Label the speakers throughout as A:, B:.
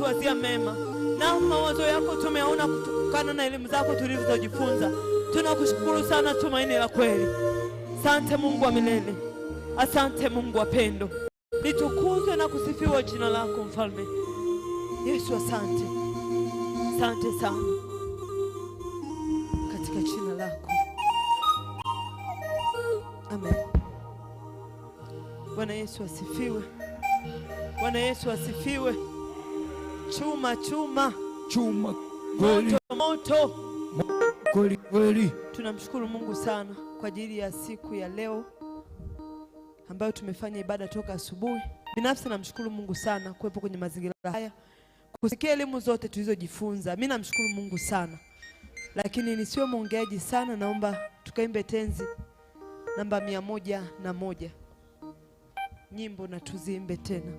A: wazia mema, na mawazo yako tumeona kutokana na elimu zako tulizojifunza. Tunakushukuru sana, tumaini la kweli. Asante Mungu wa milele, asante Mungu wa pendo, litukuzwe na kusifiwa jina lako mfalme Yesu. Asante, asante sana katika jina lako amen. Bwana Yesu asifiwe. Bwana Yesu asifiwe chuma chuma chuma moto moto kweli kweli. Tunamshukuru Mungu sana kwa ajili ya siku ya leo ambayo tumefanya ibada toka asubuhi. Binafsi namshukuru Mungu sana kuwepo kwenye mazingira haya, kusikia elimu zote tulizojifunza. Mimi namshukuru Mungu sana, lakini nisiwe mwongeaji sana. Naomba tukaimbe tenzi namba mia moja na moja nyimbo na tuzimbe tena.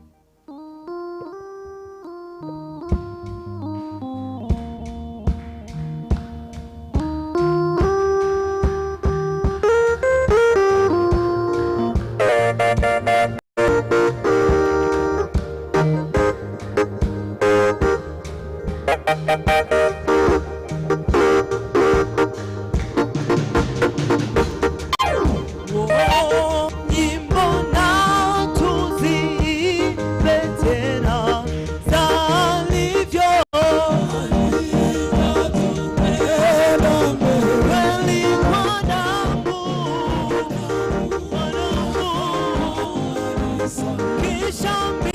A: Yesu, kisha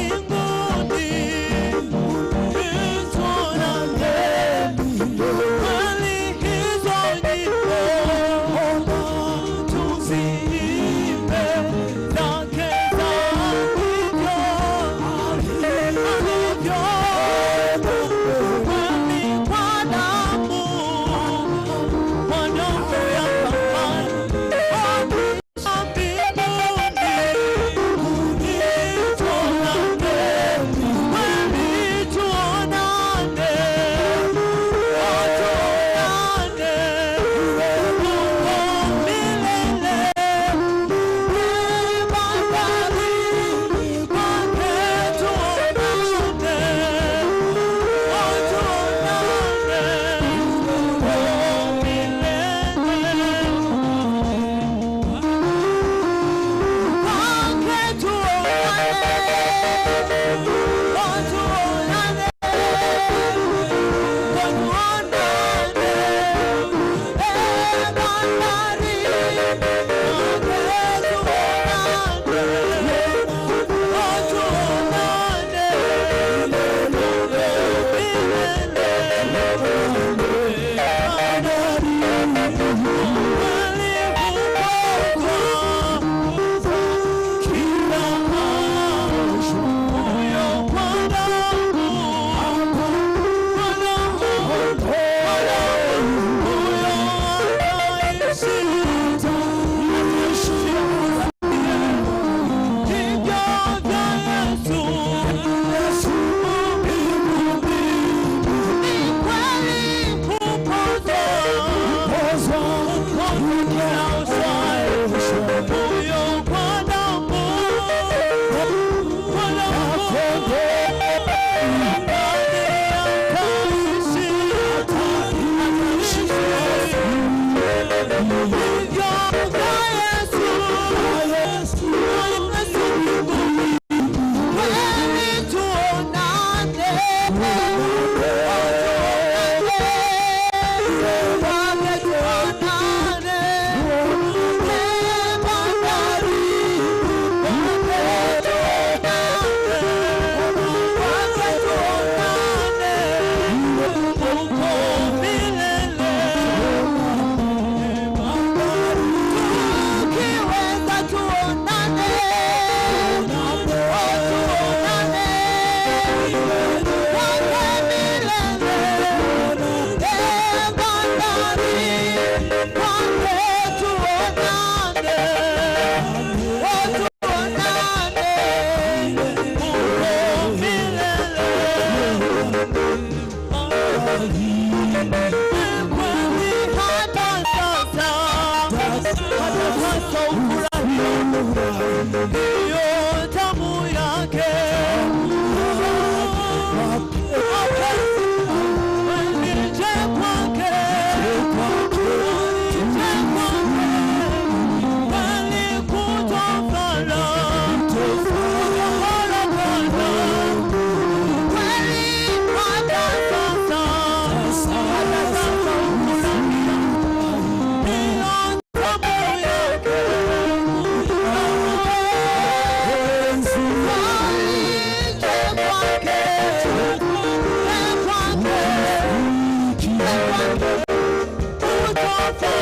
B: Who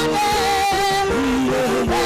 B: Amen.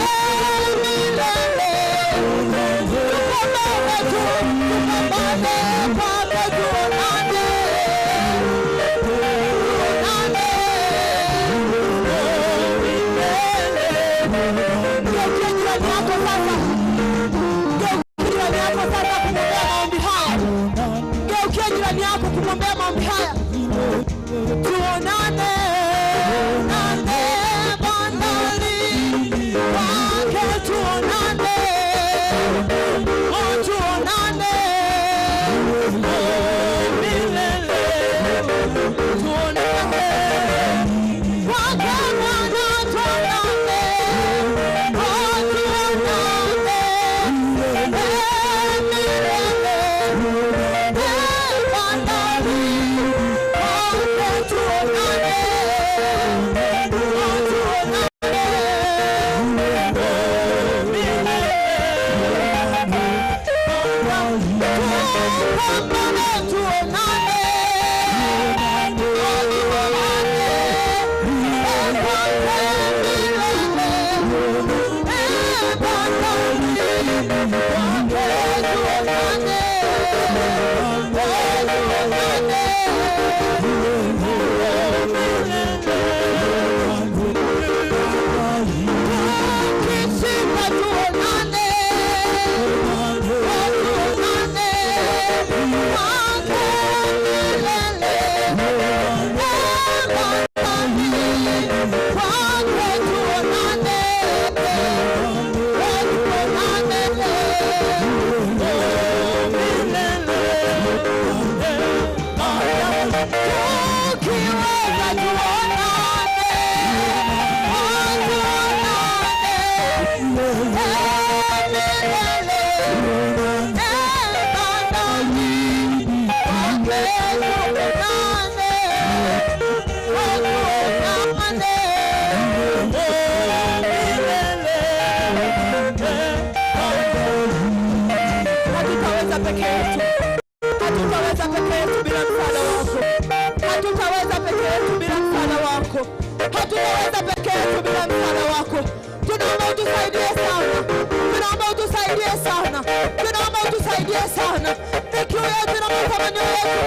B: faraja yetu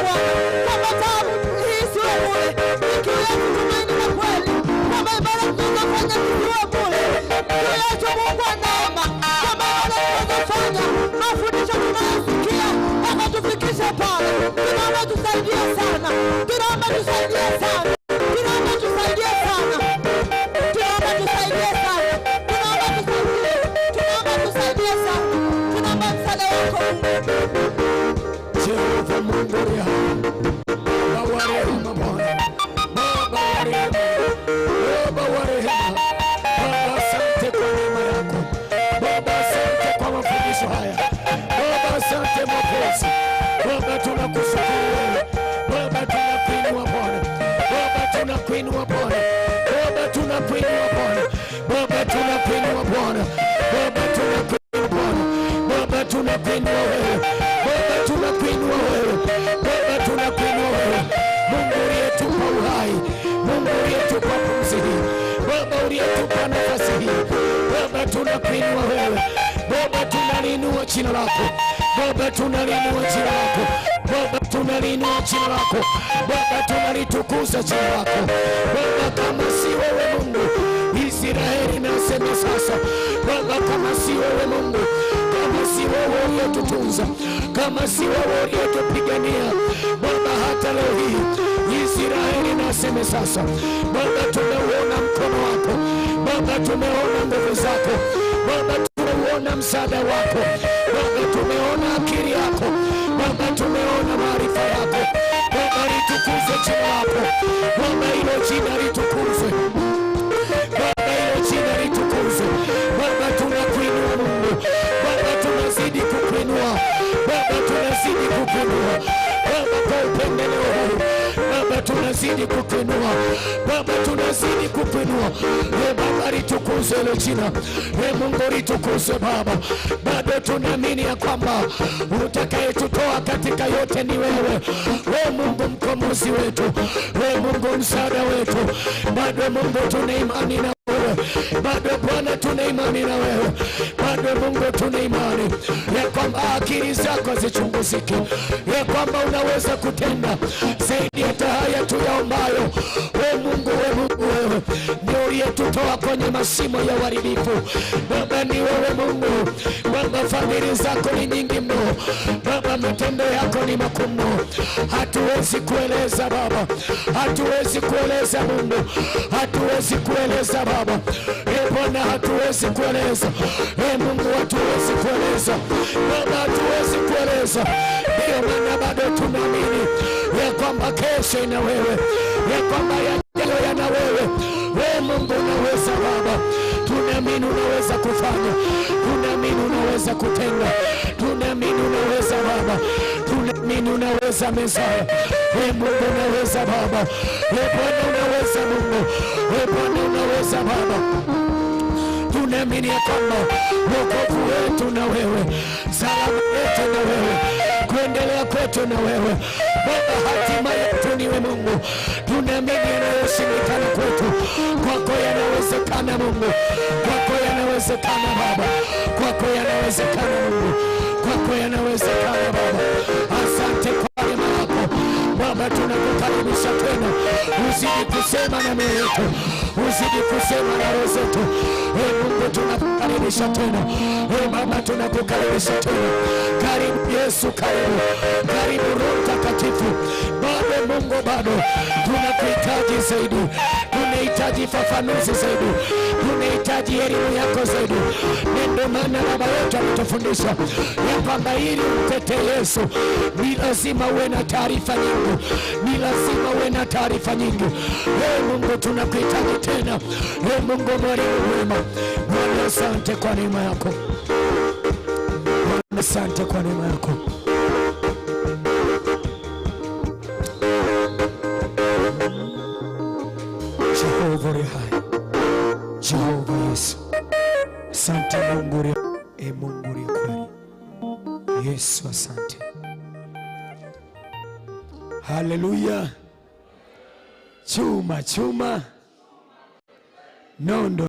B: Bwana, kwamba taabu hii sio bure, ikiwemo tumaini na kweli, kwamba ibada tunazofanya zisiwe bure. Kiwetu Mungu wa neema, kwamba ibada tunazofanya, mafundisho tunayosikia yakatufikisha pale. Tunaomba tusaidie sana, tunaomba tusaidie sana
C: tunakuinua wewe, Baba tunakuinua wewe, Mungu uliyetupa uhai, Mungu uliyetupa pumzi hii, Baba uliyetupa nafasi hii, Baba tunakuinua wewe, Baba tunaliinua jina lako, Baba tunaliinua jina lako, Baba tunaliinua jina lako, Baba tunalitukuza jina lako, Baba kama si wewe Mungu Israeli nasema sasa, Baba kama si wewe Mungu, kama si wewe uliyetutunza kama si wewe uliyetupigania Baba, hata leo hii Israeli naseme sasa, baba tumeuona mkono wako baba tumeona nguvu zako baba tumeuona msaada wako baba tumeona akili yako baba tumeona maarifa yako baba litukuze jina lako baba ilo jina litukuzwe. wako Baba, kwa upendeleo huu Baba, tunazidi kukuinua Baba, tunazidi kukuinua e Baba, litukuzwe hilo jina e Mungu, litukuzwe Baba. Bado tunaamini ya kwamba utakayetutoa katika yote ni wewe, we ee Mungu mkomozi wetu, we Mungu msaada wetu. Bado Mungu tuna imani na bado Bwana tuna imani na wewe, bado Mungu tuna imani ya kwamba akili zako zichunguzike, ya kwamba unaweza kutenda zaidi hata haya tuyaombayo. We Mungu, we Mungu, wewe ndio uliyetutoa kwenye masimo ya uharibifu. Baba ni wewe Mungu, kwamba fadhili zako ni nyingi mno, Baba matendo yako ni makuu mno, hatuwezi kueleza Baba, hatuwezi kueleza Mungu, hatuwezi kueleza Baba Bwana, hatuwezi kueleza e Mungu, hatuwezi kueleza Baba, hatuwezi kueleza. Ndiyo maana bado tunaamini ya kwamba kesho ina wewe, ya kwamba yajayo yana wewe. We ee Mungu unaweza Baba, tunaamini unaweza kufanya, tunaamini unaweza kutenda, tunaamini unaweza Baba, tunaamini unaweza Mesia. We ee Mungu unaweza Baba, we Bwana unaweza Mungu, we Bwana unaweza Baba tunaamini ya kwamba wokovu wetu na wewe, salama yetu na wewe, kuendelea kwetu na wewe Baba, hatima yetu niwe Mungu. Tunaamini yanayoshindikana kwetu kwako yanawezekana Mungu, kwako yanawezekana Baba, kwako yanawezekana Mungu, kwako yanawezekana Baba. Asante kwa neema yako Baba tuna uzidi kusema na mioyo yetu, uzidi kusema na roho zetu. E Mungu, tunakukaribisha tena. E Baba, tunakukaribisha tena. Karibu Yesu, karibu, karibu Roho Mtakatifu. Bado Mungu, bado tunakuhitaji zaidi tunahitaji fafanuzi zaidi, tunahitaji elimu yako zaidi. Na ndio maana baba yetu ametufundisha ya kwamba ili mtete Yesu ni lazima uwe na taarifa nyingi, ni lazima uwe na taarifa nyingi. Ee Mungu, tunakuhitaji tena. Ee Mungu mwalimu mwema, Bwana asante kwa neema yako, Bwana asante kwa neema yako. Haleluya! Chuma chuma nondo